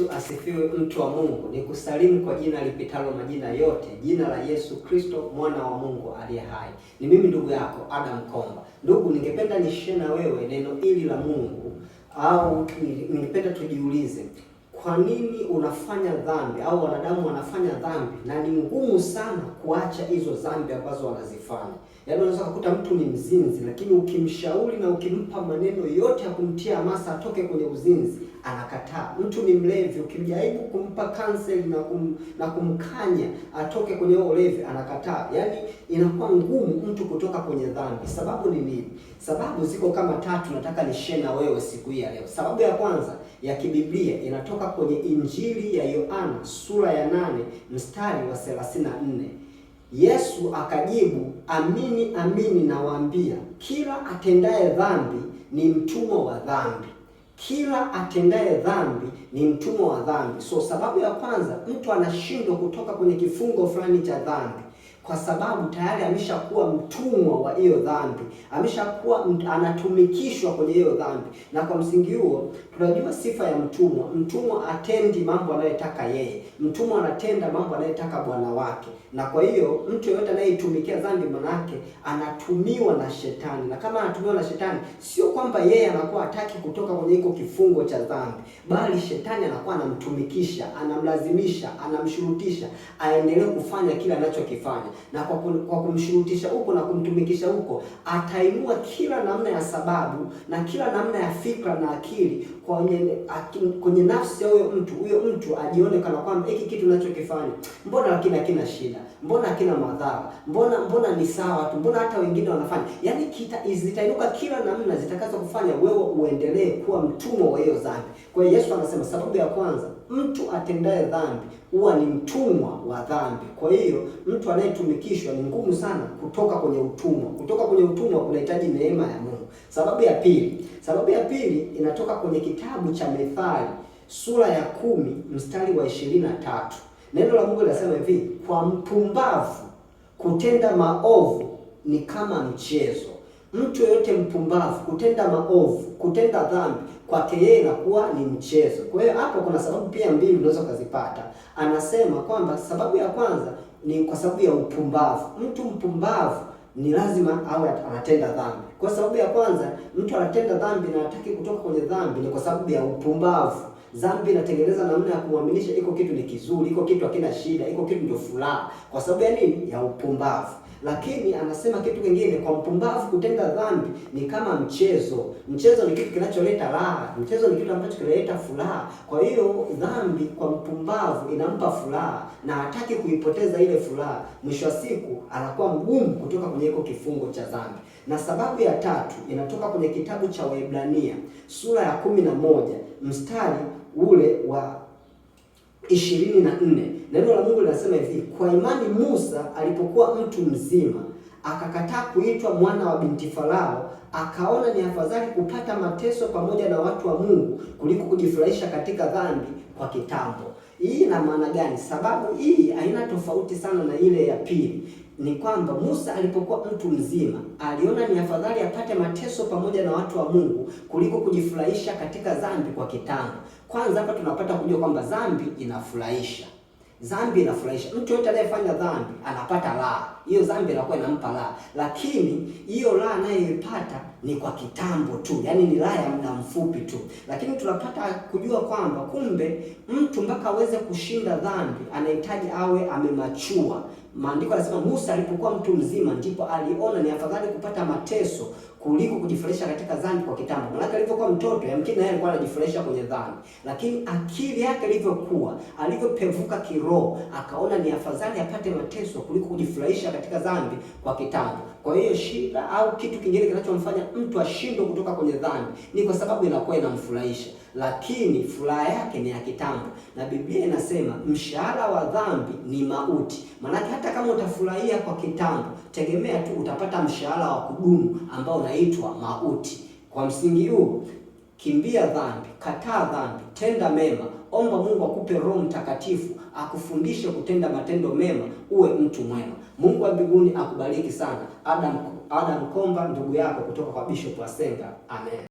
Yesu asifiwe, mtu wa Mungu. Ni kusalimu kwa jina lipitalo majina yote, jina la Yesu Kristo, mwana wa Mungu aliye hai. Ni mimi ndugu yako Adam Komba. Ndugu, ningependa nishie na wewe neno hili la Mungu, au ningependa tujiulize kwa nini unafanya dhambi au wanadamu wanafanya dhambi, na ni ngumu sana kuacha hizo dhambi ambazo wanazifanya. Yaani unaweza kukuta mtu ni mzinzi, lakini ukimshauri na ukimpa maneno yote ya kumtia hamasa atoke kwenye uzinzi anakataa. Mtu ni mlevi, ukijaribu kumpa counsel na kum, na kumkanya atoke kwenye ulevi anakataa. Yaani inakuwa ngumu mtu kutoka kwenye dhambi. Sababu ni nini? Sababu ziko kama tatu, nataka nishare na wewe siku hii ya leo. Sababu ya kwanza ya kibiblia inatoka kwenye Injili ya Yohana sura ya nane mstari wa 34. Yesu akajibu, amini amini nawaambia, kila atendaye dhambi ni mtumwa wa dhambi. Kila atendaye dhambi ni mtumwa wa dhambi. So sababu ya kwanza, mtu anashindwa kutoka kwenye kifungo fulani cha dhambi kwa sababu tayari ameshakuwa mtumwa wa hiyo dhambi, ameshakuwa anatumikishwa kwenye hiyo dhambi. Na kwa msingi huo tunajua sifa ya mtumwa. Mtumwa atendi mambo anayotaka yeye, mtumwa anatenda mambo anayotaka bwana wake. Na kwa hiyo mtu yeyote anayeitumikia dhambi, manake anatumiwa na shetani, na kama anatumiwa na shetani, sio kwamba yeye anakuwa hataki kutoka kwenye hiko kifungo cha dhambi, bali shetani anakuwa anamtumikisha, anamlazimisha, anamshurutisha aendelee kufanya kile anachokifanya na kwa kumshurutisha huko na kumtumikisha huko, atainua kila namna ya sababu na kila namna ya fikra na akili kwenye, kwenye nafsi ya huyo mtu, huyo mtu ajione kana kwamba hiki kitu ninachokifanya mbona lakini hakina shida, mbona hakina madhara, mbona mbona ni sawa tu, mbona hata wengine wanafanya. Yani zitainuka kila namna zitakazo kufanya wewe uendelee kuwa mtumwa wa hiyo dhambi. Kwa hiyo Yesu anasema sababu ya kwanza mtu atendaye dhambi huwa ni mtumwa wa dhambi. Kwa hiyo mtu anayetumikishwa ni ngumu sana kutoka kwenye utumwa. Kutoka kwenye utumwa kunahitaji neema ya Mungu. Sababu ya pili, sababu ya pili inatoka kwenye kitabu cha Methali sura ya kumi mstari wa ishirini na tatu. Neno la Mungu linasema hivi, kwa mpumbavu kutenda maovu ni kama mchezo Mtu yoyote mpumbavu kutenda maovu, kutenda dhambi kwake yeye inakuwa ni mchezo. Kwa hiyo hapo kuna sababu pia mbili unaweza ukazipata. Anasema kwamba sababu ya kwanza ni kwa sababu ya upumbavu. Mtu mpumbavu ni lazima awe anatenda dhambi. Kwa sababu ya kwanza, mtu anatenda dhambi na hataki kutoka kwenye dhambi, ni kwa sababu ya upumbavu. Dhambi inatengeneza namna ya kumwaminisha iko kitu ni kizuri, iko kitu hakina shida, iko kitu ndio furaha. Kwa sababu ya nini? Ya upumbavu. Lakini anasema kitu kingine, kwa mpumbavu kutenda dhambi ni kama mchezo. Mchezo ni kitu kinacholeta raha, mchezo ni kitu ambacho kinaleta furaha. Kwa hiyo dhambi kwa mpumbavu inampa furaha na hataki kuipoteza ile furaha. Mwisho wa siku anakuwa mgumu kutoka kwenye iko kifungo cha dhambi. Na sababu ya tatu inatoka kwenye kitabu cha Waebrania sura ya kumi na moja mstari ule wa ishirini na nne neno la Mungu linasema hivi: kwa imani Musa alipokuwa mtu mzima akakataa kuitwa mwana wa binti Farao, akaona ni afadhali kupata mateso pamoja na watu wa Mungu kuliko kujifurahisha katika dhambi kwa kitambo. Hii ina maana gani? Sababu hii haina tofauti sana na ile ya pili ni kwamba Musa alipokuwa mtu mzima aliona ni afadhali apate mateso pamoja na watu wa Mungu kuliko kujifurahisha katika dhambi kwa kitambo. Kwanza hapa tunapata kujua kwamba dhambi inafurahisha, dhambi inafurahisha. Mtu yote anayefanya dhambi anapata raha hiyo dhambi inakuwa inampa raha, lakini hiyo raha anayoipata ni kwa kitambo tu, yaani ni raha ya muda mfupi tu. Lakini tunapata kujua kwamba kumbe mtu mpaka aweze kushinda dhambi anahitaji awe amemachua. Maandiko yanasema Musa alipokuwa mtu mzima ndipo aliona ni afadhali kupata mateso kuliko kujifurahisha katika dhambi kwa kitambo. Maana alivyokuwa mtoto yamkini naye alikuwa anajifurahisha kwenye dhambi, lakini akili yake ilivyokuwa, alivyopevuka kiroho, akaona ni afadhali apate mateso kuliko kujifurahisha kumrudisha katika dhambi kwa kitabu. Kwa hiyo shida au kitu kingine kinachomfanya mtu ashindwe kutoka kwenye dhambi ni kwa sababu inakuwa inamfurahisha, lakini furaha yake ni ya kitambo, na Biblia inasema mshahara wa dhambi ni mauti. Maanake hata kama utafurahia kwa kitambo, tegemea tu utapata mshahara wa kudumu ambao unaitwa mauti. Kwa msingi huu, kimbia dhambi, kataa dhambi, tenda mema omba Mungu akupe Roho Mtakatifu akufundishe kutenda matendo mema, uwe mtu mwema. Mungu wa mbinguni akubariki sana. Adam Adam Komba, ndugu yako kutoka kwa Bishop Asenga. Amen.